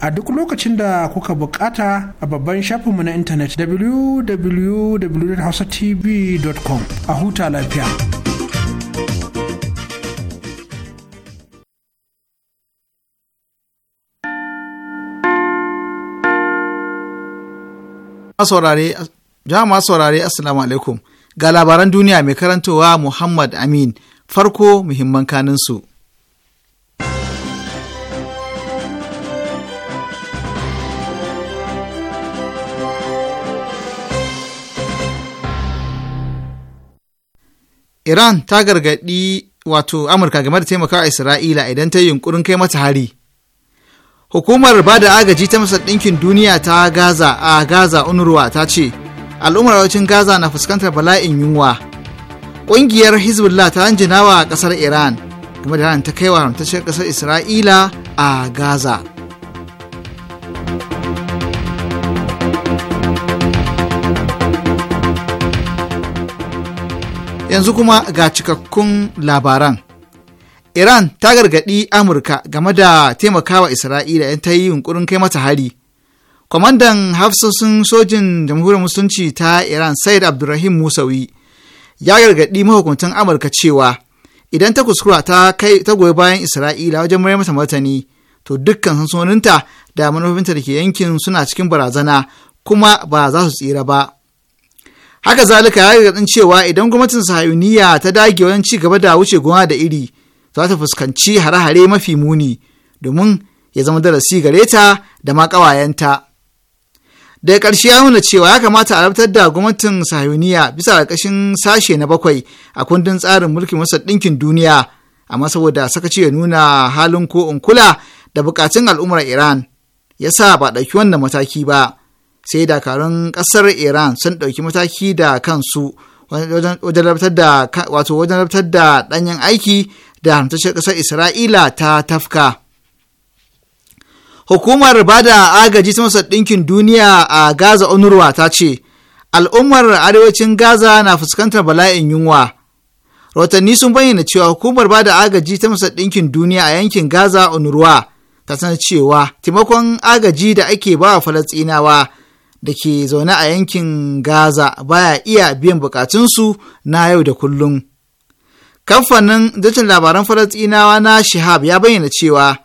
a duk lokacin da kuka bukata a babban shafinmu na intanet www.hausatv.com a huta lafiya. Jama'a saurare Assalamu alaikum ga labaran duniya mai karantowa Muhammad Amin farko muhimman kaninsu. Iran ta gargaɗi wato Amurka game da taimakawa Isra'ila idan ta yi yunkurin kai mata hari. Hukumar ba da agaji ta Masar Ɗinkin Duniya ta Gaza a Gaza Unruwa ta ce, al'ummar wacin Gaza na fuskantar bala'in yunwa. Ƙungiyar Hezbollah ta anjina wa ƙasar Iran game da ta kai wa haramtacciyar ƙasar Isra'ila a Gaza. yanzu kuma ga cikakkun labaran iran ta gargaɗi amurka game da taimakawa isra'ila yan ta yi yunkurin kai mata hari kwamandan hafsoshin sojin jamhuriyar musulunci ta iran said abdulrahim musawi ya gargaɗi mahukuntan amurka cewa idan ta kuskura ta kai ta goyi bayan isra'ila wajen mayar mata martani to dukkan sansoninta da manufofinta da ke yankin suna cikin barazana kuma ba za su tsira ba haka zalika ya gargadin cewa idan gwamnatin sahayuniya ta dage wajen ci gaba da wuce gona da iri za ta fuskanci hare-hare mafi muni domin ya zama darasi gare ta da ma ƙawayenta daga ƙarshe ya nuna cewa ya kamata a rabtar da gwamnatin sahayuniya bisa ƙarƙashin sashe na bakwai a kundin tsarin mulkin masar ɗinkin duniya amma saboda sakaci ya nuna halin ko in kula da buƙatun al'ummar iran ya sa ba ɗauki wannan mataki ba sai dakarun kasar iran sun ɗauki mataki da kansu wajen rabtar da wato ɗanyen aiki da haramtacciyar ƙasar isra'ila ta tafka hukumar ba da agaji ta masar ɗinkin duniya a gaza onurwa ta ce al'ummar arewacin gaza na fuskantar bala'in yunwa rahotanni sun bayyana cewa hukumar ba da agaji ta masar ɗinkin duniya a yankin gaza onurwa ta sanar cewa taimakon agaji da ake ba wa falastinawa da ke zaune a yankin Gaza baya iya biyan bukatunsu na yau da kullum. Kamfanin dacin labaran Falasɗinawa na Shihab ya bayyana cewa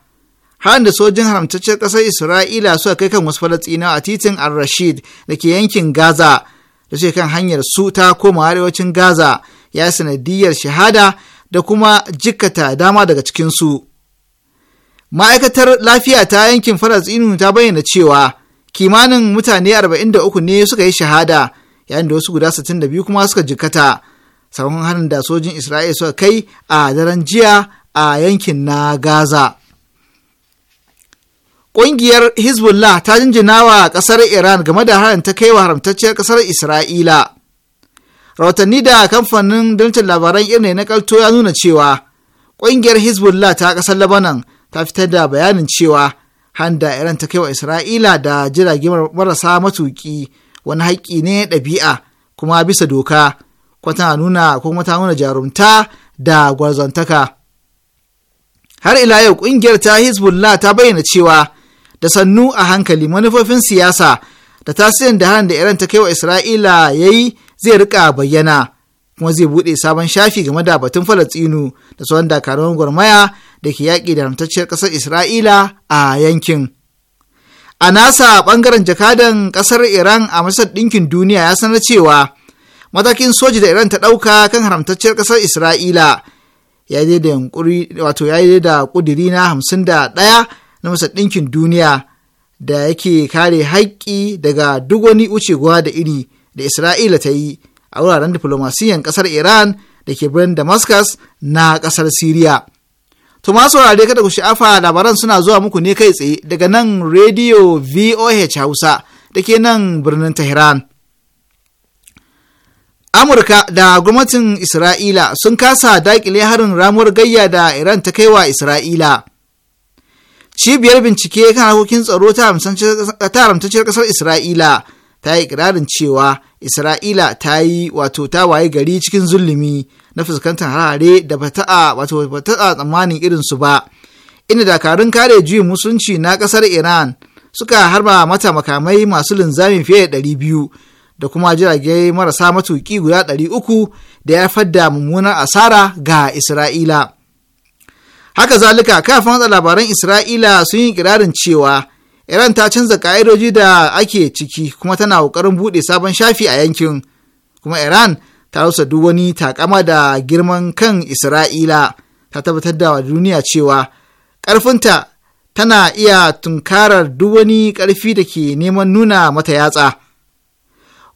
harin da sojin haramtaccen ƙasar Isra'ila suka kai kan wasu Falasɗinawa a titin Al-Rashid da ke yankin Gaza da ce kan hanyar su ta koma arewacin Gaza ya yi sanadiyar shahada da kuma jikkata dama daga cikinsu. Ma'aikatar lafiya ta yankin Falasɗinu ta bayyana cewa kimanin mutane 43 ne suka yi shahada yayin da wasu guda 62 kuma suka jikkata sakamakon harin da sojin isra'ila suka kai a daren jiya a yankin na gaza Ƙungiyar Hezbollah ta jinjina wa ƙasar Iran game da harin ta kai wa haramtacciyar ƙasar Isra'ila. Rahotanni da kamfanin dantar labaran irin na kalto ya nuna cewa ƙungiyar Hezbollah ta ƙasar Lebanon ta fitar da bayanin cewa handa iran ta kaiwa isra'ila da jirage marasa matuki wani haƙƙi ne ɗabi'a kuma bisa doka kwata nuna ko mata ta nuna jarumta da gwarzantaka har ila yau ƙungiyar ta hezbollah ta bayyana cewa da sannu a hankali manufofin siyasa da tasirin da harin da iran ta kaiwa isra'ila ya yi zai rika bayyana kuma zai buɗe sabon shafi game da batun falastinu da sauran dakarun gwarmaya da ke yaƙi da rantacciyar ƙasar Isra'ila a yankin. A nasa ɓangaren jakadan ƙasar Iran a Masar Ɗinkin Duniya ya sanar cewa matakin soji da Iran ta ɗauka kan haramtacciyar ƙasar Isra'ila ya yi da yankuri wato ya yi da ƙudiri na hamsin da ɗaya na Masar Ɗinkin Duniya da yake kare haƙƙi daga duk wani wucewa da iri da Isra'ila ta yi a wuraren diflomasiyan ƙasar Iran da ke birnin Damascus na ƙasar Siriya. To ma saurare kada ku sha'afa labaran suna zuwa muku ne kai tsaye daga nan Radio VOH Hausa da ke nan birnin Tehran. Amurka da gwamnatin Isra'ila sun kasa daƙile harin ramuwar gayya da Iran ta kai wa Isra'ila. Cibiyar bincike kan harkokin tsaro ta haramtacciyar ƙasar Isra'ila ta yi ikirarin cewa Isra'ila ta yi wato ta waye gari cikin zulumi na fuskantar harare da a wato a tsammanin irin su ba inda dakarun kare juyin musulunci na kasar iran suka harba mata makamai masu linzamin fiye da ɗari biyu da kuma jirage marasa matuki guda ɗari uku da ya fadda mummunar asara ga isra'ila haka zalika kafin watsa labaran isra'ila sun yi kirarin cewa iran ta canza ka'idoji da ake ciki kuma tana ƙoƙarin buɗe sabon shafi a yankin kuma iran ta rusa duk wani takama da girman kan Isra'ila ta tabbatar da duniya cewa ƙarfinta tana iya tunkarar duk wani ƙarfi da ke neman nuna mata yatsa.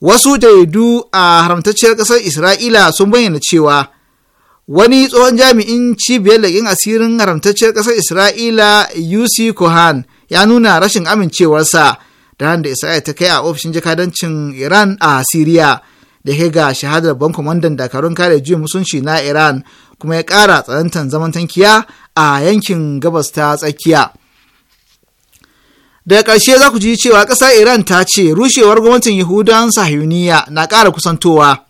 Wasu jaridu a haramtacciyar ƙasar Isra'ila sun bayyana cewa wani tsohon jami'in cibiyar laƙin asirin haramtacciyar ƙasar Isra'ila UC Kohan ya nuna rashin amincewarsa da da Isra'ila ta kai a ofishin jakadancin Iran a Siriya. da ya ga shahadar ban kwamandan dakarun kare juyin musunci na iran kuma ya ƙara tsanantar zaman tankiya a yankin gabas ta tsakiya daga ƙarshe za ku ji cewa ƙasar iran ta ce rushewar gwamnatin yahudan sahiyuniya na ƙara kusantowa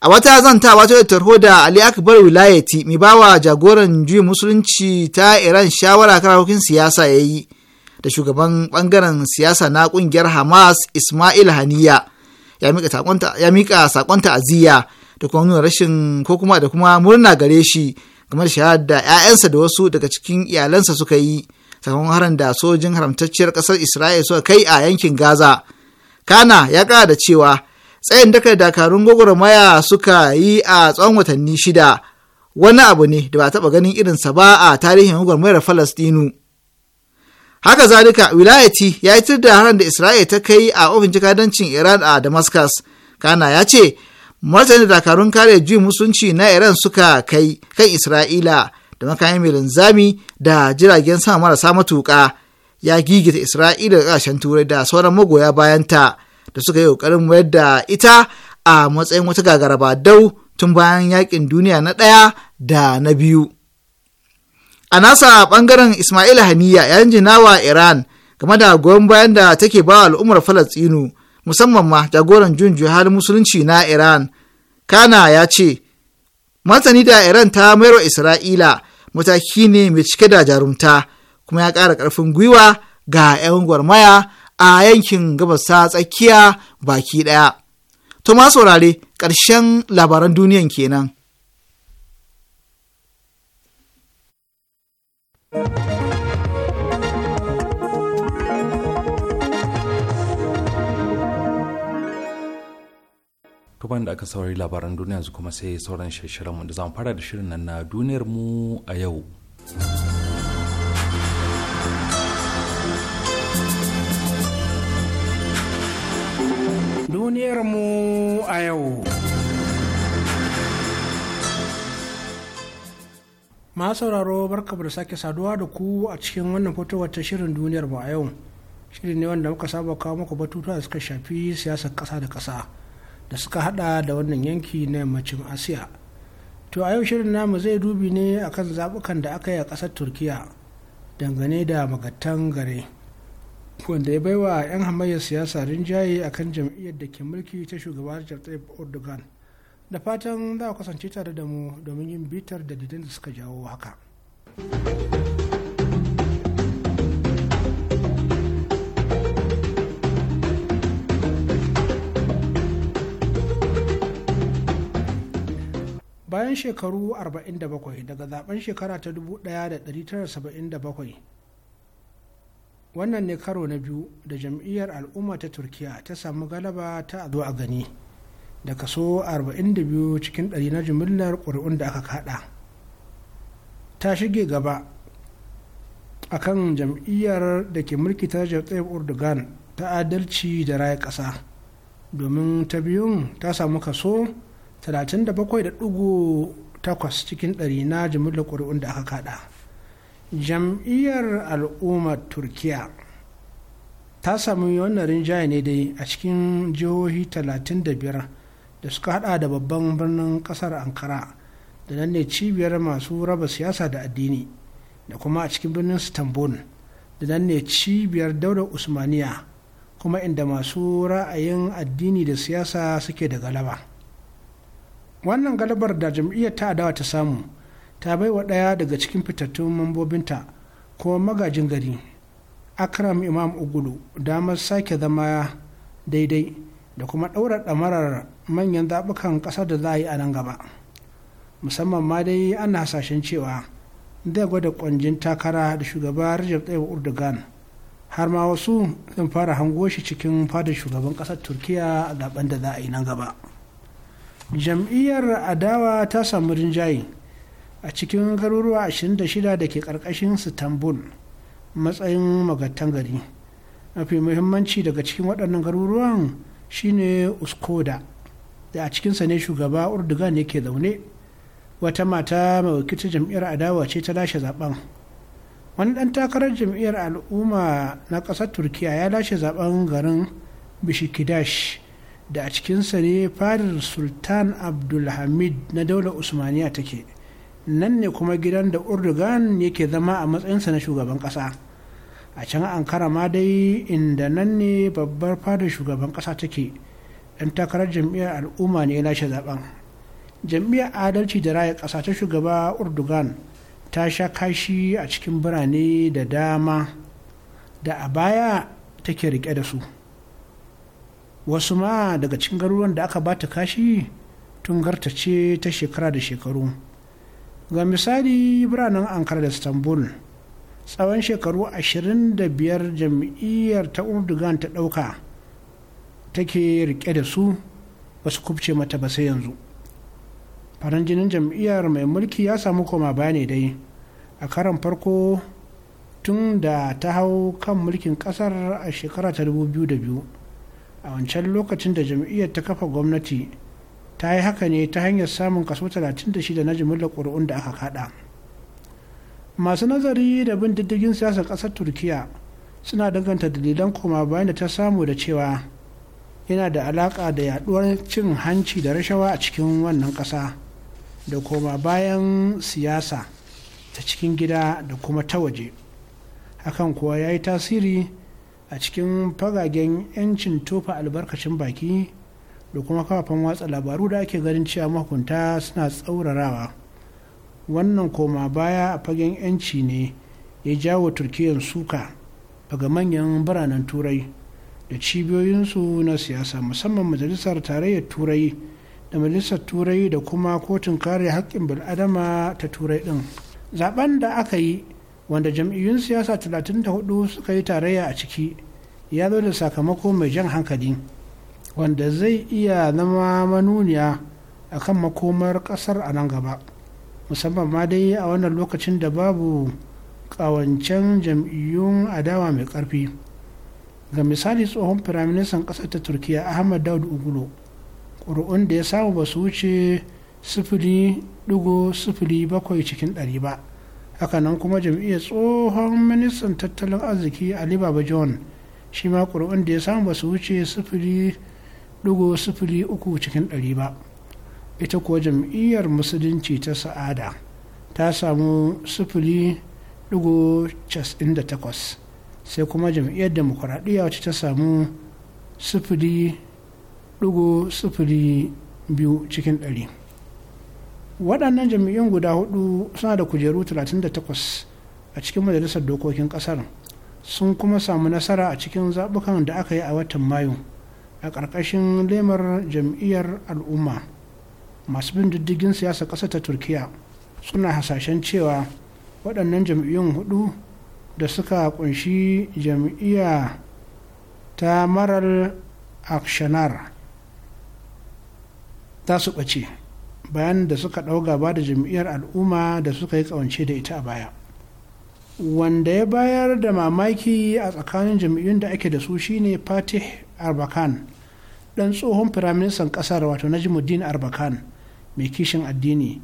a wata zantawa ta tarho da ali akbar wilayati mai bawa jagoran juyin musulunci ta iran shawara karawokin siyasa ya yi da shugaban bangaren siyasa na kungiyar hamas ismail haniya ya mika sakonta ya mika sakon ta'aziyya da kuma nuna rashin ko kuma da kuma murna gare shi game da shahadar da 'ya'yansa da wasu daga cikin iyalansa suka yi sakamakon harin da sojin haramtacciyar ƙasar Isra'ila suka kai a yankin Gaza. Kana ya ƙara da cewa tsayin dakar dakarun gwagwarmaya suka yi a tsawon watanni shida wani abu ne da ba taɓa ganin irinsa ba a tarihin gwagwarmayar Falastinu. haka zalika wilayati ya yi da haran da isra'ila ta kai a ofin jikadancin iran a damascus kana ya ce martani dakarun kare juyin musunci na iran suka kai kan isra'ila da makayan mai linzami da jiragen sama marasa matuƙa ya gigita isra'ila da ƙasashen turai da sauran magoya bayanta da suka yi ƙoƙarin mayar da ita a matsayin wata gagaraba dau tun bayan yakin duniya na ɗaya da na biyu a nasa bangaren ismail haniya 'yan jinawa iran game da goyon bayan da take ba al'ummar falastinu musamman ma jagoran jun halin musulunci na iran kana ya ce martani da iran ta mayar wa isra'ila mataki ne mai cike da jarumta kuma ya ƙara ƙarfin gwiwa ga 'yan gwarmaya a yankin gabas tsakiya baki ɗaya. To ma saurare ƙarshen labaran duniyan kenan. tuban da aka saurari labaran duniya su kuma sai sauran shirinmu da zamu fara da shirin nan na duniyar mu a yau duniyar mu a yau ma sauraro barka da sake saduwa da ku a cikin wannan fitowar ta shirin duniyar mu a yau shirin ne wanda muka saba kawo muku batutuwa da suka shafi siyasar kasa da kasa da suka hada da wannan yanki na yammacin asiya to a yau shirin namu zai dubi ne akan zabukan da aka yi a ƙasar turkiya dangane da magatan gare wanda ya baiwa 'yan hamayyar siyasa rinjaye akan jam'iyyar da ke mulki ta shugaba Recep Tayyip Erdogan da fatan za a kasance tare da mu domin yin bitar da didin da suka jawo haka bayan shekaru 47 daga zaben shekara ta 1977 wannan ne karo na biyu da jam'iyyar al'umma ta turkiya ta samu galaba ta a zo a gani da kaso 42 cikin ɗari na jimillar ƙuri'un da aka kaɗa ta shige gaba a kan jam'iyyar da ke mulki ta jatsayar urdugan ta adalci da raya ƙasa domin ta biyun ta samu kaso 37.8 cikin ɗari na jimillar ƙuri'un da aka kaɗa jam'iyyar al'ummar turkiya ta samu wannan rinjaye ne dai a cikin jihohi 35 da suka hada da babban birnin kasar ankara da nan ne cibiyar masu raba siyasa da addini da kuma a cikin birnin istanbul da nan ne cibiyar daular usmaniya kuma inda masu ra'ayin addini da siyasa suke da galaba wannan galabar da jam'iyyar ta adawa ta samu ta bai wa ɗaya daga cikin fitattun mambobinta ko magajin gari akram imam ugulu damar sake zama daidai da kuma ɗaura ɗamarar manyan zaɓukan ƙasar da za a yi a nan gaba musamman ma dai ana hasashen cewa zai gwada ƙwanjin takara da shugaba rajab tsaye urdugan har ma wasu zan fara hango shi cikin fadar shugaban ƙasar turkiya a zaɓen da za a yi nan gaba jam'iyyar adawa ta samu rinjaye a cikin garuruwa 26 da ke ƙarƙashin istanbul matsayin magatan gari mafi muhimmanci daga cikin waɗannan garuruwan shine uskoda da a cikinsa ne shugaba urdugan yake zaune wata mata mai wakilta jam'iyyar adawa ce ta lashe zaben wani ɗan takarar jam'iyyar al'umma na ƙasar turkiya ya lashe zaben garin bishikidash da a cikinsa ne fadar sultan abdulhamid na daular usmaniya take nan ne kuma gidan da urdugan yake zama a matsayinsa na shugaban ƙasa a can ankara ma dai inda nan ne babbar fadar shugaban ƙasa take yan takarar jam'iyyar al'umma ne ya lashe zaben jam'iyyar adalci da raya ƙasa ta shugaba urdugan ta sha kashi a cikin birane da dama da a baya take rike da su wasu ma daga cikin garuruwan da aka bata kashi tun gartace ta shekara da shekaru ga misali biranen ankara da istanbul tsawon shekaru 25 jam'iyyar ta urdugan ta ɗauka take rike da su ba su kubce mata ba sai yanzu faran jinin jam'iyyar mai mulki ya samu koma bayani dai a karan farko tun da ta hau kan mulkin kasar a shekara ta 2002 a wancan lokacin da jam'iyyar ta kafa gwamnati ta yi haka ne ta hanyar samun kaso 36 na jimillar ƙuri'un da aka kada masu nazari da bin diddigin siyasar ƙasar turkiya suna danganta dalilan koma bayan da ta samu da cewa yana da alaƙa da yaduwar cin hanci da rashawa a cikin wannan ƙasa da koma bayan siyasa ta cikin gida da kuma ta waje hakan kuwa ya yi tasiri a cikin fagagen 'yancin tofa albarkacin baki da kuma kafafen watsa labaru da ake ganin cewa mahukunta suna tsaurarawa wannan koma baya a fagen 'yanci ne ya jawo turkiyyar suka daga manyan biranen turai da cibiyoyinsu na siyasa musamman majalisar tarayyar turai da majalisar turai da kuma kotun kare haƙƙin bil'adama ta turai ɗin zaben da aka yi wanda jam'iyyun siyasa 34 suka yi tarayya a ciki ya zo da sakamako mai jan hankali wanda zai iya zama manuniya a kan makomar ƙasar a nan gaba musamman ma dai a wannan lokacin da babu ƙawancen jam'iyyun adawa mai ƙarfi ga misali tsohon firaministan ƙasar ta turkiya ahmad daud ugulo ƙuri'un da ya samu ba su wuce bakwai cikin ɗari ba hakanan kuma jam'iyyar tsohon ministan tattalin arziki ali baba john shi ma ƙuri'un da ya samu ba su wuce uku cikin ɗari ba ita kuwa jam'iyyar musulunci ta sa'ada ta samu takwas. sai kuma jam'iyyar demokuraɗiyya wacce ta samu sufuri ɗigo sufuri biyu cikin ɗari waɗannan jam'iyyun guda hudu suna da kujeru 38 a cikin majalisar dokokin ƙasar sun kuma samu nasara a cikin zaɓukan da aka yi a watan mayu a ƙarƙashin lemar jam'iyyar al'umma masu bin diddigin siyasa ƙasa ta turkiya suna hasashen cewa waɗannan jam'iyyun hudu da suka kunshi jam'iyya ta maral akshanar ta su ɓace bayan da suka ɗau gaba da jam'iyyar al'umma da suka yi ƙawance da ita a baya wanda ya bayar da mamaki a tsakanin jam'iyyun da ake da su shine fatih arbakan ɗan tsohon firaministan ƙasar wato na najimuddin arbakan mai kishin addini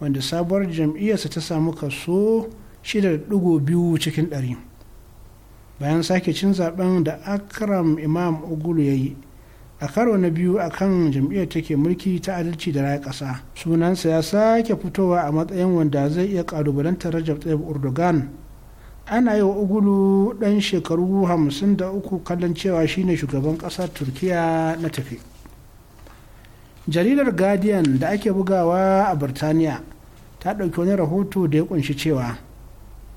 wanda sabuwar jam'iyyarsa ta samu kaso 6.2 cikin ɗari. bayan sake cin zaben da akram imam ogulu ya yi a karo na biyu a kan jam'iyyar take mulki ta adalci da raya ƙasa sunansa ya sake fitowa a matsayin wanda zai iya ƙalubalantar rajab tsaye urdogan ana yi wa ugulu ɗan shekaru hamsin da uku kallon cewa shine shugaban ƙasar turkiya na tafi jaridar guardian da ake bugawa a birtaniya ta ɗauki wani rahoto da ya ƙunshi cewa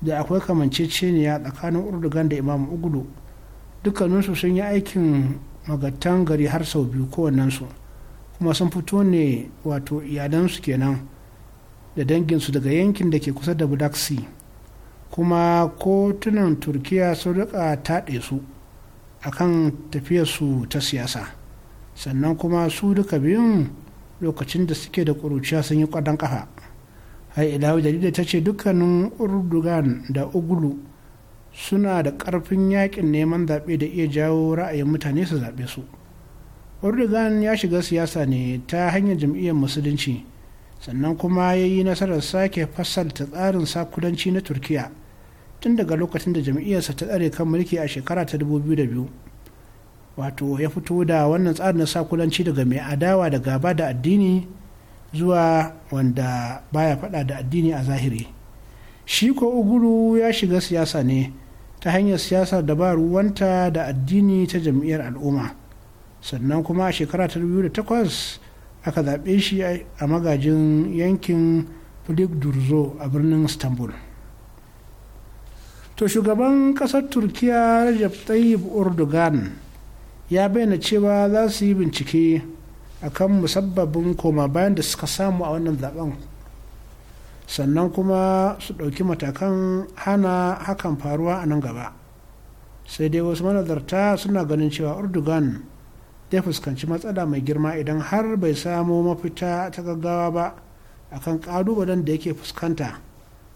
da akwai kamanceceniya tsakanin urdugan da imam ugudu dukkaninsu sun yi aikin magatan gari har sau biyu kowannensu kuma sun fito ne wato iyalansu kenan da danginsu daga yankin da ke kusa da black kuma kotunan turkiya sun rika taɗe su akan tafiyarsu ta siyasa sannan kuma su duka biyun lokacin da suke da ƙuruciya sun yi ƙwadon ƙafa har ilawi jarida ta ce dukkanin urdugan da ugulu suna da karfin yakin neman zaɓe da iya jawo ra'ayin mutane su zaɓe su urdugan ya shiga siyasa ne ta hanyar jam'iyyar musulunci sannan kuma ya yi nasarar sake fasalta tsarin sakudanci na turkiya tun daga lokacin da jam'iyyarsa ta tsare kan mulki a shekara ta biyu wato ya fito da wannan tsarin sakulanci daga mai adawa da gaba da addini zuwa wanda baya faɗa da addini a zahiri shi ko uguru ya shiga siyasa ne ta hanyar siyasa da ba ruwanta da addini ta jam'iyyar al'umma sannan kuma a shekara ta biyu takwas aka zaɓe shi a magajin yankin filik durzo a birnin istanbul to shugaban ƙasar turkiya rajab tayyib urdugan ya bayyana cewa za su yi bincike akan musabbabin koma bayan da suka samu a wannan zaben sannan kuma su ɗauki matakan hana hakan faruwa a nan gaba sai dai wasu manazarta suna ganin cewa urdugan zai fuskanci matsala mai girma idan har bai samo mafita ta gaggawa ba akan ƙalubalen da yake fuskanta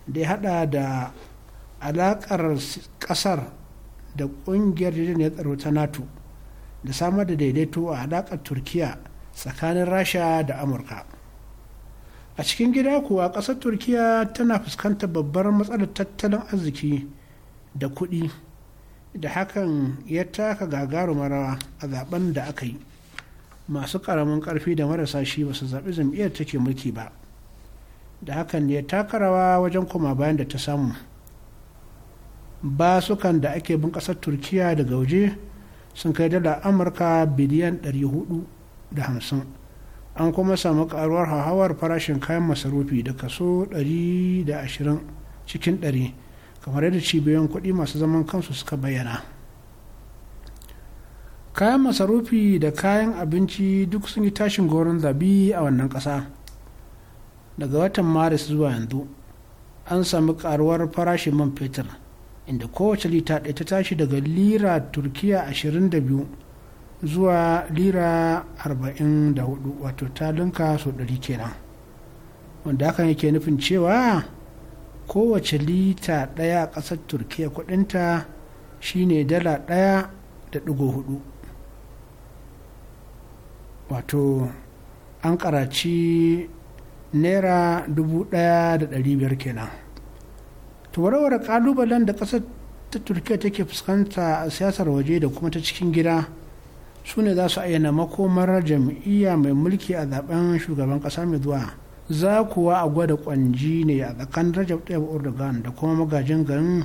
da ya hada da alaƙar ƙasar da ƙungiyar jirgin ya tsaro ta nato da samar da daidaito a alaƙar turkiya tsakanin rasha da amurka a cikin gida kuwa ƙasar turkiya tana fuskantar babbar matsalar tattalin arziki da kuɗi da hakan ya taka gagarumar a zaben da aka yi masu ƙaramin ƙarfi da marasa shi ba su zaɓi zam'iyyar take mulki ba da hakan ne taka rawa wajen koma bayan da ta samu basukan da ake bin ƙasar turkiya daga waje sun kai dala amurka biliyan 400 da hamsin an kuma samu karuwar hauhawar farashin kayan masarufi da kaso 120 cikin 100 kamar yadda cibiyoyin kuɗi masu zaman kansu suka bayyana kayan masarufi da kayan abinci duk sun yi tashin goron zabi a wannan ƙasa daga watan maris zuwa yanzu an sami karuwar farashin man fetur inda kowace lita ɗaya ta tashi daga lira turkiya 22 zuwa lira 44 wato talinka so 100 kenan wanda hakan yake nufin cewa kowace lita ɗaya a ƙasar turkiya kudinta shine dala ɗaya da ɗigo hudu wato an karaci naira dubu ɗaya da ɗari biyar kenan to warware ƙalubalen da ƙasar ta turkiya take fuskanta a siyasar waje da kuma ta cikin gida su ne za su ayyana makomar jam'iyya mai mulki a zaben shugaban kasa mai zuwa za kuwa a gwada kwanji ne a tsakan rajab ɗaya urdugan da kuma magajin garin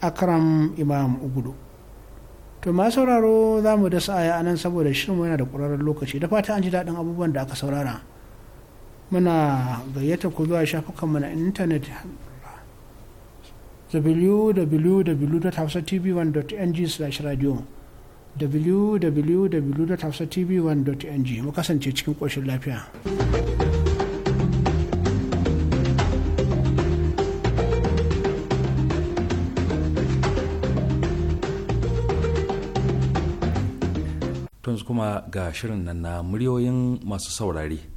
akram imam ugudu to ma sauraro za mu da sa'aya anan saboda shirinmu yana da ƙwararren lokaci da fata an ji daɗin abubuwan da aka saurara muna gayyata ku zuwa shafukanmu na intanet www.hafsatv1.ng/radio wwwtv 1ng mu kasance cikin ƙoshin lafiya. Tunzu kuma ga shirin nan na muryoyin masu saurari.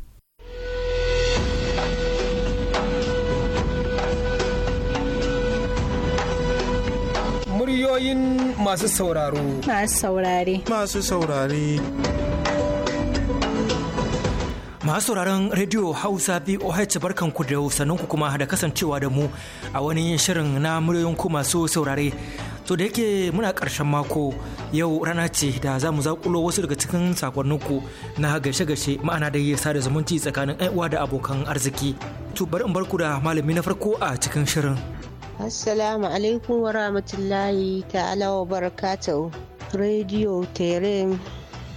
Muryoyin masu sauraro. Masu saurare. Masu saurare. Masu sauraron Radio Hausa BOH barkanku da sanunku kuma da kasancewa da mu a wani shirin na muryoyin ku masu saurare. To da yake muna ƙarshen mako yau rana ce da za mu zaƙulo wasu daga cikin sakonninku na gashe-gashe ma'ana da yasa da zumunci tsakanin uwa da abokan arziki. To bari in barku da malami na farko a cikin shirin. Assalamu alaikum wa rahmatullahi ta'ala wa barakatuhu. Radio Terim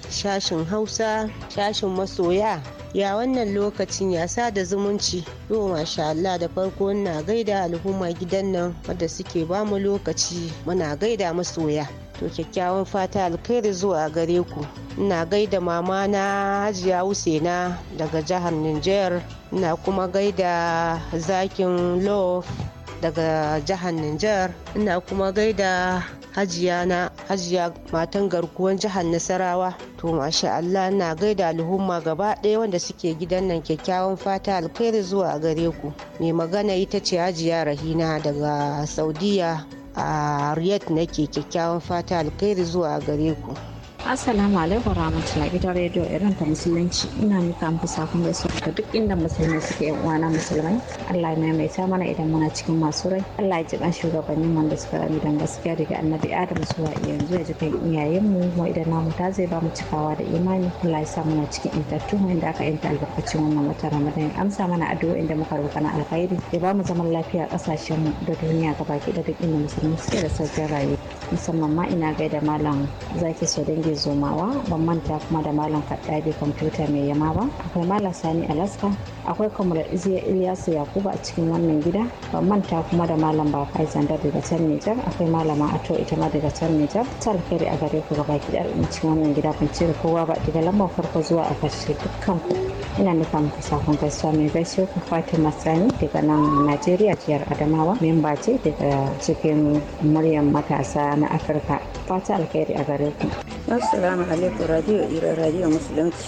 sashin Hausa, sashin masoya. Ya wannan lokacin ya sa da zumunci. Yau masha Allah da farko na gaida al'umma gidan nan wadda suke bamu lokaci muna gaida masoya. to kyakkyawan fata alkhairi zuwa gare ku ina gaida mama na hajiya husaina daga jihar niger ina kuma gaida zakin love daga jihar Nijar ina kuma gaida hajiya na hajiya matan garkuwan jihar Nasarawa to masha Allah ina gaida al'umma gaba ɗaya wanda suke gidan nan kyakkyawan fata alkhairi zuwa gare ku mai magana ita ce hajiya Rahina daga Saudiya a Riyadh nake kyakkyawan fata alkhairi zuwa gare ku Assalamu alaikum rahmatullahi ita rediyo irin ta musulunci ina nuka muku sakon gaisuwa ga duk inda musulmai suke yan uwana musulmai Allah ya maimaita mana idan muna cikin masu rai Allah ya ji ban shugabannin wanda suka rami dan gaskiya daga annabi Adam zuwa yanzu ya ji kan iyayen mu mu idan namu ta zai ba mu cikawa da imani Allah ya sa muna cikin intattu inda aka yanta albarkacin wannan wata Ramadan amsa mana addu'o inda muka roƙa na alkhairi ya ba mu zaman lafiya kasashen mu da duniya baki. da duk inda musulmai suke da sauƙin rayuwa musamman ma ina gaida malam zaki so dangi rediyo zomawa ban manta kuma da malam kaddabi kwamfuta mai yama ba akwai malam sani alaska akwai kamar iziya ilyasu yakuba a cikin wannan gida ban manta kuma da malam ba kai zanda daga can nijar akwai malama ato ita ma daga can nijar ta alheri a gare ku gaba ki in cikin wannan gida ban cire kowa ba daga lambar farko zuwa a ƙarshe dukkan ku ina nufa muku sakon gaisuwa mai gaisuwa ku fatima sani daga nan najeriya jiyar adamawa memba ce daga cikin muryan matasa na afirka fata alheri a gare ku assalamu alaikum radio ira radio musulunci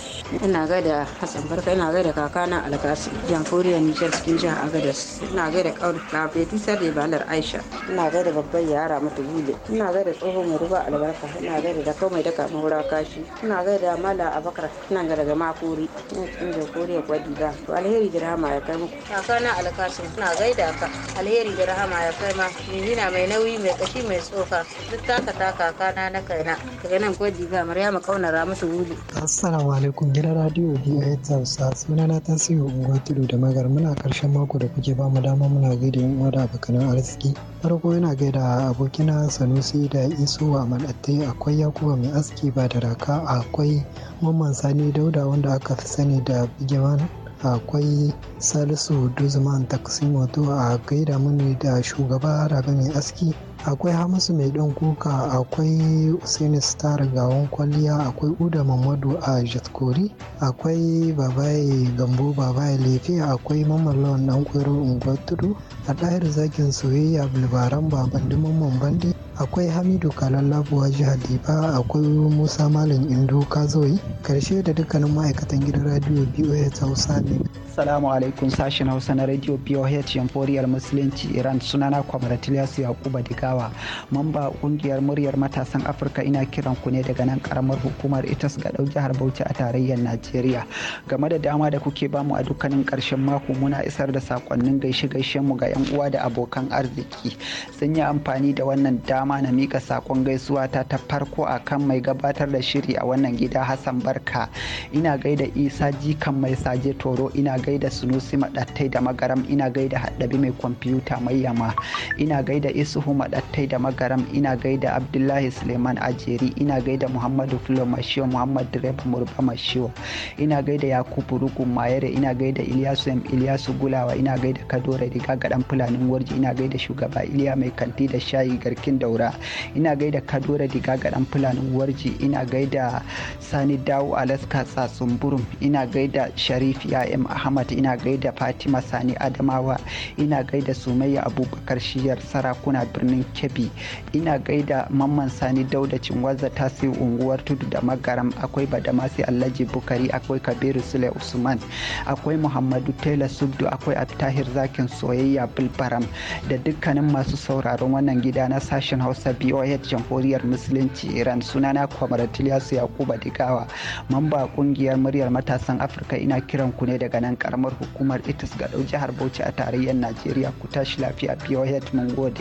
ina gaida hassan barka ina gaida kakana alkasi Jamhuriya nijar cikin jihar Agadez. ina gaida kawar kafeti da Ibalar aisha ina gaida babban yara mata gule ina gaida tsohon mai ruba albarka ina gaida da kawai da kama wura kashi ina gaida mala abakar ina gaida ga makuri ina cikin gwadi da. to alheri da rahama ya kai muku kakana alkasi ina gaida ka alheri da rahama ya kai ma mai nauyi mai kashi mai tsoka duk taka ta kakana na kaina daga nan diga maryama kaunara musu Wuli. assalamu alaikum gidan radio biyu hausa suna na tasiri unguwa tudu da magar muna karshen mako da kuke ba mu dama muna gaida yan uwa da abokanan arziki farko yana gaida abokina sanusi da isu wa malatte akwai yakuba mai aski ba da raka akwai mamman sani dauda wanda aka fi sani da bigiman akwai salisu duzman taksimoto a gaida mini da shugaba rabe mai aski akwai hamisu mai ɗan kuka akwai usaini star gawon kwalliya akwai uda mamadu a jatkori akwai babaye gambo babaye lefe akwai mamalon ɗan kwero ungwaturu a ɗayar zagin soyayya bulbaran baban mamman bande akwai hamidu kalallabuwa jihar diba akwai musa malam indo kazoyi karshe da dukkanin ma'aikatan gidan radio boh hausa ne Salamu alaikum sashen Hausa na Radio POH Yamforiyar Musulunci Iran sunana yasu Yakuba Digawa. Mamba ƙungiyar muryar matasan Afirka ina kiran ku ne daga nan karamar hukumar ITAS ga ɗau jihar Bauchi a tarayyar Najeriya. Game da dama da kuke bamu a dukkanin ƙarshen mako muna isar da sakonnin gaishe gaishe mu ga 'yan 'yan uwa da abokan arziki sun yi amfani da wannan dama na mika sakon gaisuwa ta ta farko a kan mai gabatar da shiri a wannan gida hassan barka ina gaida isa jikan mai saje toro ina gaida sunusi madattai da magaram ina gaida haɗabi mai kwamfuta mai yama ina gaida isuhu madattai da magaram ina gaida abdullahi suleiman ajeri ina gaida muhammadu fulo mashiwa muhammad direba murba mashiwa ina gaida yakubu rugun mayere ina gaida ilyasu m ilyasu gulawa ina gaida kadore riga gadan fulanin warji ina gaida shugaba iliya mai kanti da shayi garkin daura ina gaida kadora diga ga dan fulanin warji ina gaida sani dawo alaska burum ina gaida sharif ya'im ahmad ina gaida fatima sani adamawa ina gaida sumayya abubakar shiyar sarakuna birnin kebbi ina gaida mamman sani dauda cinwaza tasi unguwar tudu da magaram akwai badamasi alhaji bukari akwai kabiru sule usman akwai muhammadu taylor subdu akwai abtahir zakin soyayya abulbaram da dukkanin masu sauraron wannan gida na sashen hausa boh jamhuriyar musulunci iran sunana kwamaratiliyasu yakuba digawa mamba ƙungiyar muryar matasan afirka ina kiran ku ne daga nan karamar hukumar itis ga jihar bauchi a tarayyar najeriya ku tashi lafiya boh mun gode.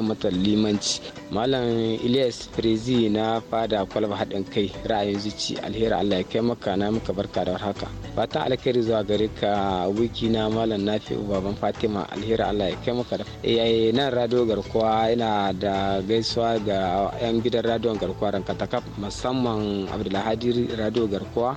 haɗa mata limanci malam ilyas prezi na fada kwalba haɗin kai ra'ayin zuci alheri allah ya kai maka na muka barka da warhaka fatan alkhairi zuwa gare ka wiki na malam nafi'u baban fatima alheri allah ya kai maka da eh, nan radio garkuwa yana da gaisuwa ga yan gidan radio garkuwa rankata kaf musamman abdulhadi radio garkuwa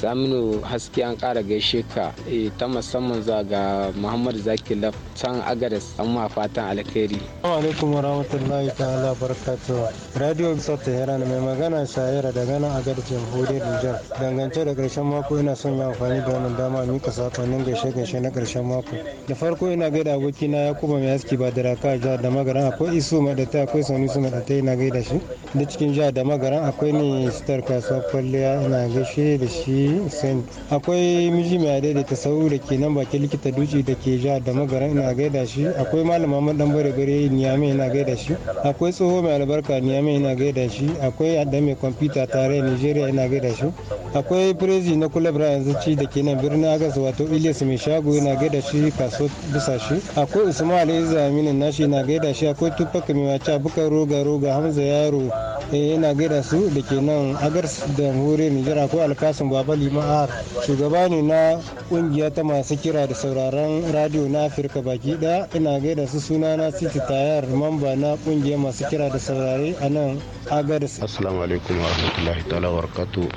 saminu haske an kara gaishe ka eh, ta musamman za ga muhammad zaki lab can agadas an ma fatan alkhairi alaikum wa rahmatullahi ta'ala barakatuhu radio bisa tehran mai magana shayara daga nan agadar jamhuriyar nijar dangance da karshen mako ina son yi amfani da wannan dama mika sakonnin gaishe gaishe na karshen mako da farko ina gaida abokina yakuba mai haske ba da raka jihar da magaran akwai isu mai da ta akwai sanu su mai da ina gaida shi da cikin jihar da magaran akwai ne sitar kasuwar kwalliya ina gaishe da shi Alhaji Akwai miji mai daidaita sau da ke nan bakin likita duci da ke ja da magaran ina gaida shi. Akwai malam Muhammad dan bare bare Niyame ina gaida shi. Akwai tsoho mai albarka Niyame ina gaida shi. Akwai Adam mai kwamfuta tare Nigeria ina gaida shi. Akwai Prezi na Kula Brian Zuci da ke nan birnin Agas wato Ilyas mai shago ina gaida shi kaso bisa shi. Akwai Usman Ali Zaminin nashi ina gaida shi. Akwai Tufaka mai wacha buka roga roga Hamza yaro yana eh, gaida su da ke nan Agas da Hure Nijar akwai Alkasim Baba Lawali shugaba ne na kungiya ta masu kira da sauraron radio na Afirka baki ɗaya ina gaida su suna na Siti Tayar mamba na kungiyar masu kira da saurare a nan Agadis. Assalamu alaikum wa rahmatullahi ta'ala wa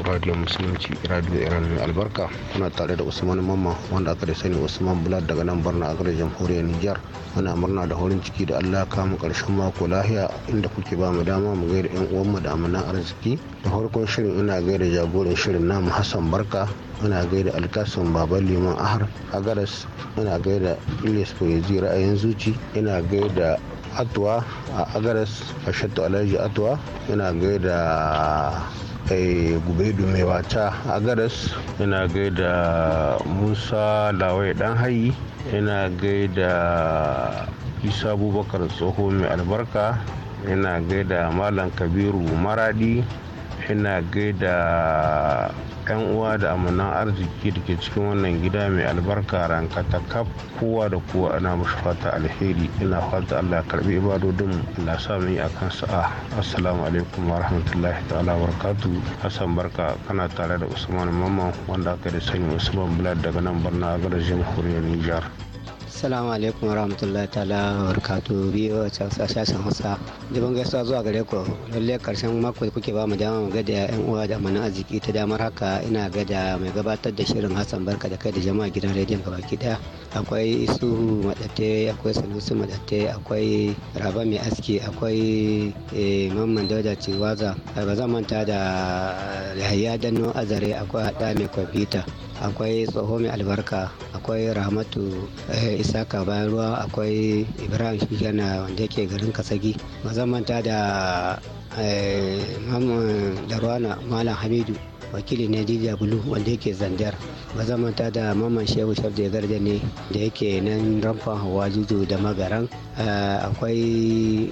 radio musulunci radio Iran albarka kuna tare da Usman Mamma wanda aka da sani Usman Bulat daga nan Barna a jamhuriyar Nijar muna murna da horin ciki da Allah kama karshen mako lahiya inda kuke ba mu dama mu gaida yan mu da amana arziki da farkon shirin ina gaida jagoran shirin namu Hassan barka muna gaida alkasun baban liman ahar agaras muna gaida ilis poezi ra'ayin zuci ina gaida atuwa a agaras fashattu alhaji atuwa ina gaida eh, gubedu mai wata agaras ina gaida musa lawai dan hayi ina gaida isa abubakar tsoho mai albarka ina gaida malam kabiru maradi ina gaida yan uwa da amanan arziki da ke cikin wannan gida mai albarka rankata kaf kowa da kowa ana mushi fata alheri ina fata allah karbi ibadodin allah sa mu yi akan sa'a assalamu alaikum wa rahmatullahi ta'ala wa barakatu hassan barka kana tare da usman mamman wanda aka da sani usman blad daga nan barna a garajin jamhuriyar nijar Assalamu alaikum rahmatullahi ta'ala barkatu biyo a sashen Hausa. Jibin gaisuwa zuwa gare ku lalle karshen mako da kuke ba mu dama mu gada yan uwa da amana arziki ta damar haka ina gada mai gabatar da shirin Hassan Barka da kai da jama'a gidan rediyon gabaki daya. Akwai Isuhu Madatte, akwai Sanusi Madatte, akwai Raba Mai Aski, akwai eh, Mamman Dauda waza. Ba zan manta da Yahaya Danno Azare, akwai Hada Mai Kwafita. akwai tsoho mai albarka akwai rahmatu eh, isaka bayan ruwa akwai ibrahim shigana wanda yake garin kasagi mazamanta da eh, darwana malam hamidu wakili ne dija bulu wanda yake zandar mazamanta da mamman shehu shabda ya garda ne da yake nan ramfan hawa juju da magaran eh, akwai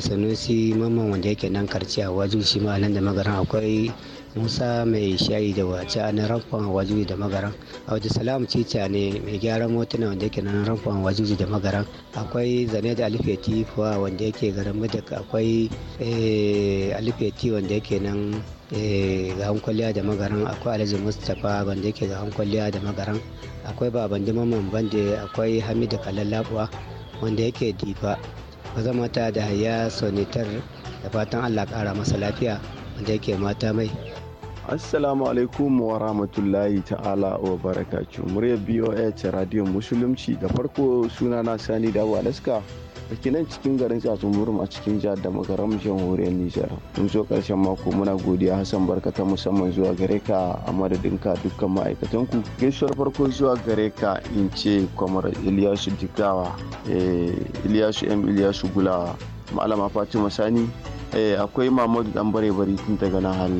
sanusi mamman wanda yake nan karciya wajen shi ma nan da magaran akwai musa mai shayi da wace a nan ramfon wajuji da magaran a salamu cica ne mai gyaran motuna wanda yake nan rankon wajuji da magaran akwai zane da alifeti kuwa wanda yake garin madaka akwai eh, alifeti wanda yake nan eh, ga kwalliya da magaran akwai alhaji mustapha wanda yake ga kwalliya da magaran akwai baban dimaman bande akwai hamidu kalallabuwa wanda yake difa maza da haya sonitar da fatan allah kara masa lafiya wanda yake mata mai Assalamu alaikum wa rahmatullahi ta'ala wa barakatu. Muryar BOH Radio Musulunci da farko suna na Sani da Alaska. da nan cikin garin Tsatsun a cikin jihar da magaram jamhuriyar Nijar. Mun zo karshen mako muna godiya Hassan Barka musamman zuwa gare ka a madadinka dukkan ma'aikatanku. Gaisuwar farko zuwa gare ka in ce kwamar Iliyasu Digawa, eh, Iliyasu M Iliyasu Gulawa, Malama Fatima Sani, Eh, akwai mahmud dan bare bari tun daga nahal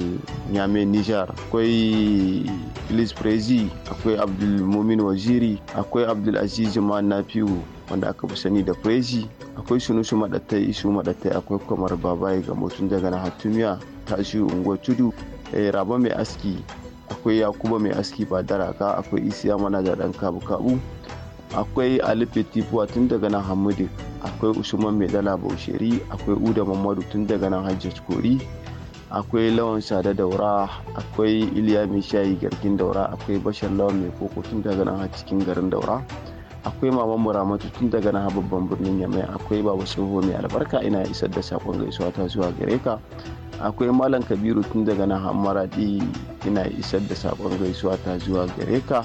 nyame nijar akwai ilis prezi akwai abdul mumin waziri akwai abdul aziz na fiwu, wanda aka fi sani da prezi akwai sunusu madattai isu madattai akwai kwamar babaye ga motun daga nahal tumiya shi unguwar tudu eh, raba mai aski akwai yakuba mai aski ba daraka akwai isiya mana da dan kabu kabu akwai ali petipuwa tun daga nan Hamadu akwai usman mai dala bausheri akwai uda mamadu tun daga nan hajjaj kori akwai lawan sada daura akwai iliya mai shayi garkin daura akwai bashar lawan mai koko tun daga nan cikin garin daura akwai maman muramatu tun daga nan babban birnin yamai akwai baba soho mai albarka ina isar da sakon gaisuwa ta zuwa gare ka akwai malam kabiru tun daga nan hamaradi ina isar da sakon gaisuwa ta zuwa gare ka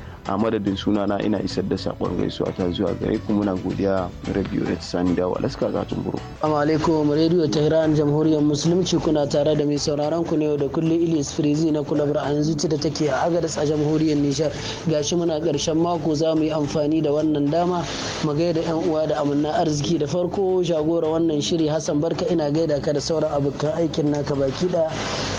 a madadin sunana ina isar da sakon gaisuwa ta zuwa gare ku muna godiya radio da sani dawo alaska buru alaikum radio tehran jamhuriyar musulunci kuna tare da mai sauraron ku ne da kullum ilis frizi na kulabar zuci da take a agadas a jamhuriyar nishar gashi muna karshen mako za mu yi amfani da wannan dama mu gaida yan uwa da amanna arziki da farko jagora wannan shiri hassan barka ina gaida ka da sauran abokan aikin naka baki da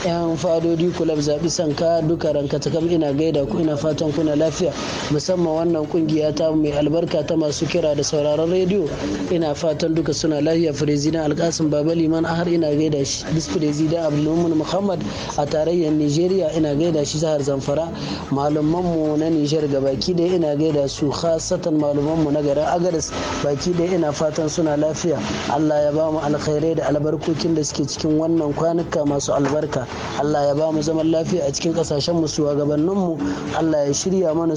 yan fadodi kulab zabi sanka duka ranka ta kam ina gaida ku ina fatan kuna lafiya musamman wannan kungiya ta mai albarka ta masu kira da sauraron rediyo ina fatan duka suna lafiya firezidan alkasin baba liman har ina gaida shi bis abdulmumin muhammad a tarayyar nigeria ina gaida shi jihar zamfara malaman mu na niger ga baki da ina gaida su khasatan malaman mu na garin agadas baki da ina fatan suna lafiya allah ya ba mu alkhairai da albarkokin da suke cikin wannan kwanuka masu albarka allah ya bamu mu zaman lafiya a cikin kasashen mu su gabanin mu allah ya shirya mana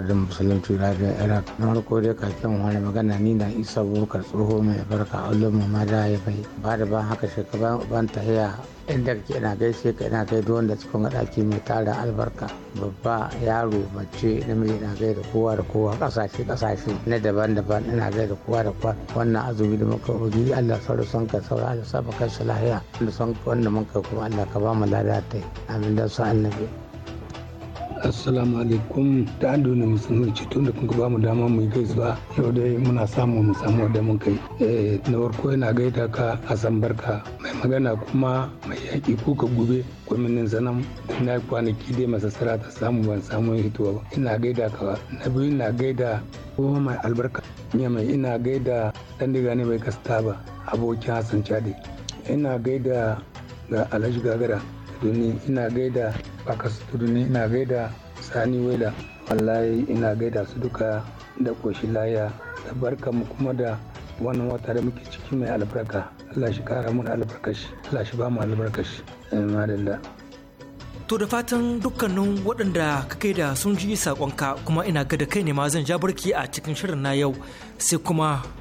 da musulunci radiyon iraq na farko dai kafin wani magana ni na isa bukar tsoho mai barka allah mu ma da ya bai ba da ban haka shekaru ban haya inda ke ina gaishe ka ina kai duwan da cikin gadaki mai tara albarka babba yaro mace namiji ina gai da kowa da kowa kasashe kasashe na daban-daban ina gai da kowa da kowa wannan azumi da muka ubi Allah sauri son ka saura Allah sa baka shi lahiya wanda son wanda muka kuma Allah ka ba mu lada ta amin da su annabi assalamu alaikum ta an duniya musulmi tun da kuka ba mu dama mu gaisuwa yau dai muna samu mu samu da mun kai eh, na farko yana gaida ka a san barka mai magana kuma mai yaƙi kuka gube kwaminin sanam na kwanaki dai masasara ta samu ban samu hituwa ba ina gaida ka na biyu ina gaida ko mai albarka ya mai ina gaida dan diga ne bai kasta ba abokin hassan cadi ina gaida ga alhaji gagara domin ina gaida bakasu domin ina gaida sani wela wallahi ina gaida su duka da koshi laya da barka mu kuma da wannan wata da muke ciki mai albarka Allah shi kara mun albarkashi Allah shi ba mu albarkashi madalla to da fatan dukkanin waɗanda ka kai da sun ji saƙonka kuma ina ga da kai ne ma zan ja barki a cikin shirin na yau sai kuma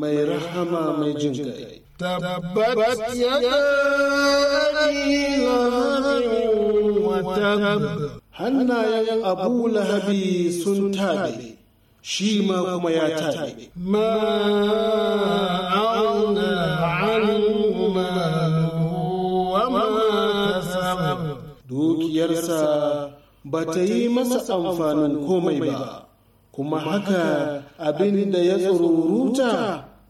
mai rahama mai jin kai. Tabbat ya Hannayen Abu Lahabi sun taɗe shi ma kuma ya tabe. Ma ma Dukiyarsa ba ta yi masa amfanin komai ba, kuma haka abin da ya tsoro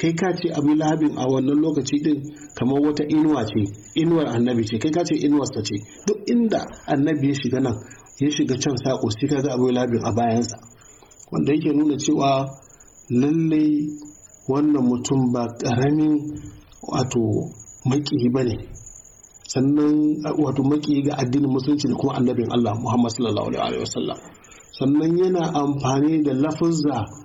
kai ka ce abu labin a wannan lokaci din kamar wata inuwa ce inuwar annabi ce kai ka ce inuwar ta ce duk inda annabi ya shiga nan ya shiga can sako sai ka ga abu labin a bayansa wanda yake nuna cewa lalle wannan mutum ba karamin wato maki ba ne sannan wato maki ga addinin musulunci da kuma annabin Allah Muhammad sallallahu alaihi wasallam sannan yana amfani da lafuzza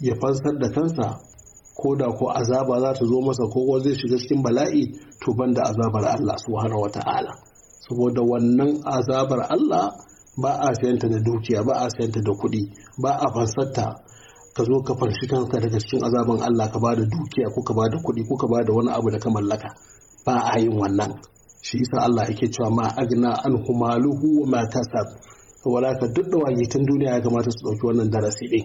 ya fansar da kansa ko da ko azaba za ta zo masa ko zai shiga cikin bala'i to ban da azabar Allah subhanahu ta'ala saboda wannan azabar Allah ba a sayanta da dukiya ba a sayanta da kuɗi ba a fansarta ka zo ka farshi kanka daga cikin azaban Allah ka ba da dukiya ko ka bada kuɗi ko ka da wani abu da ka mallaka ba a yin wannan shi yasa Allah yake cewa ma agna an humaluhu wa ma kasab wala ka duniya ya kamata su dauki wannan darasi din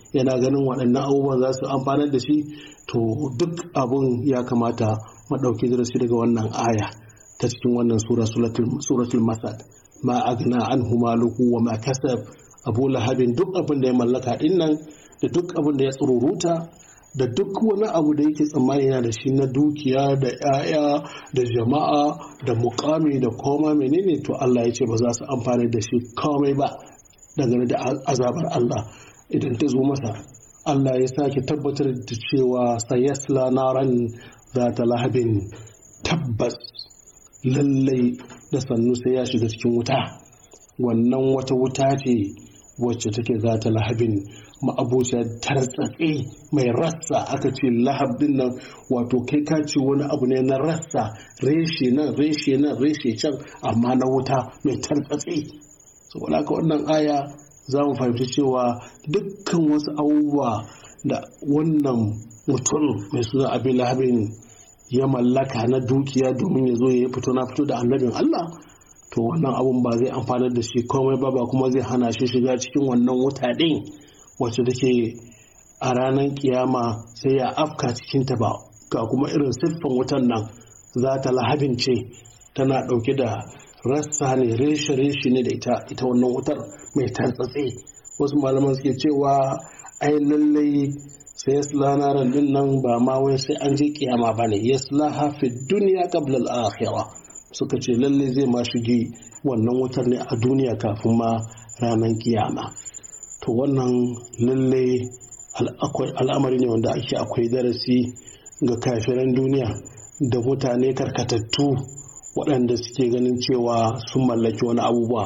yana ganin waɗannan abubuwan za su amfanar da shi to duk abun ya kamata maɗauki darasi daga wannan aya ta cikin wannan sura suratul masad ma agna an humaluhu wa ma kasab abu lahabin duk abin da ya mallaka din da duk abin da ya tsururuta da duk wani abu da yake tsammani yana da shi na dukiya da 'ya'ya da jama'a da mukami da koma menene to Allah ya ce ba za su amfani da shi komai ba dangane da azabar Allah idan ta zo masa Allah ya sake tabbatar da cewa sayasla naran za ta lahabin tabbas lallai da sannu sai ya shiga cikin wuta wannan wata wuta ce wacce take za ta lahabin ma'abuta tartsatse mai rassa aka ce lahab nan wato kai ka ce wani abu ne na rassa reshe nan reshe nan reshe can amma na wuta mai tartsatse saboda haka wannan aya za mu fahimci cewa dukkan wasu abubuwa da wannan mutum mai suna abin lahabin ya mallaka na dukiya domin ya zo ya yi fito na fito da annabin Allah to wannan abun ba zai amfana da shi komai ba ba kuma zai hana shi shiga cikin wannan wuta din? wacce take a ranar kiyama sai ya afka cikin ta ba ga kuma irin siffan wutan nan za ta lahabin ce tana ɗauke da rassa ne reshe-reshe ne da ita wannan wutar mai tantsatse wasu malaman suke cewa ai lallai sai yasla naran nan ba ma wai sai an je kiyama ba ne yasla fi duniya qabla al-akhirah suka ce lallai zai ma shige wannan wutar ne a duniya kafin ma ranar kiyama to wannan lallai al'amari ne wanda ake akwai darasi ga kafiran duniya da mutane karkatattu waɗanda suke ganin cewa sun mallaki wani abubuwa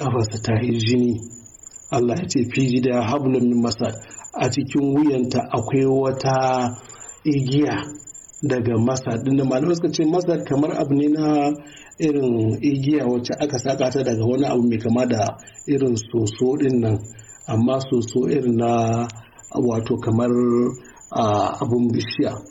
ƙafarsa ta yi jini Allah ya ce fi da hablum min masar a cikin wuyanta akwai wata igiya daga masar dinda malamai suka ce masar kamar abu ne na irin igiya wacce aka saka ta daga wani abu mai kama da irin soso din nan amma soso irin na wato kamar ah, abun bishiya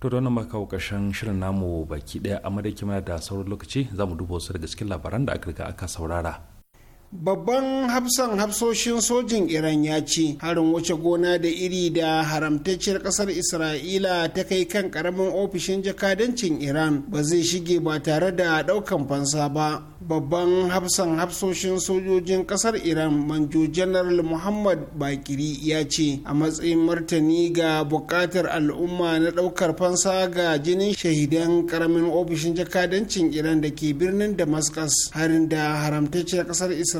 to don nan maka ƙarshen shirin namu baki daya a madaki mana da sauran lokaci za mu duba wasu daga cikin labaran da aka riga aka saurara Babban hafsan hafsoshin sojin Iran ya ce harin wuce gona da iri da haramtacciyar ƙasar Isra'ila ta kai kan ƙaramin ofishin jakadancin Iran ba zai shige ba tare da ɗaukan fansa ba. Babban hafsan hafsoshin sojojin ƙasar Iran Manjo General Muhammad Bakiri ya ce a matsayin martani ga buƙatar al'umma na ɗaukar fansa ga jinin shahidan ƙaramin ofishin jakadancin Iran da ke birnin Damascus harin da haramtacciyar ƙasar Isra'ila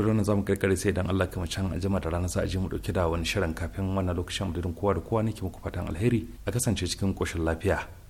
dole nan zamu karkare sai dan Allah kuma can ajima da ranar sa aje mu dauke da wani shirin kafin wannan lokacin mu kowa da kowa nake muku fatan alheri a kasance cikin koshin lafiya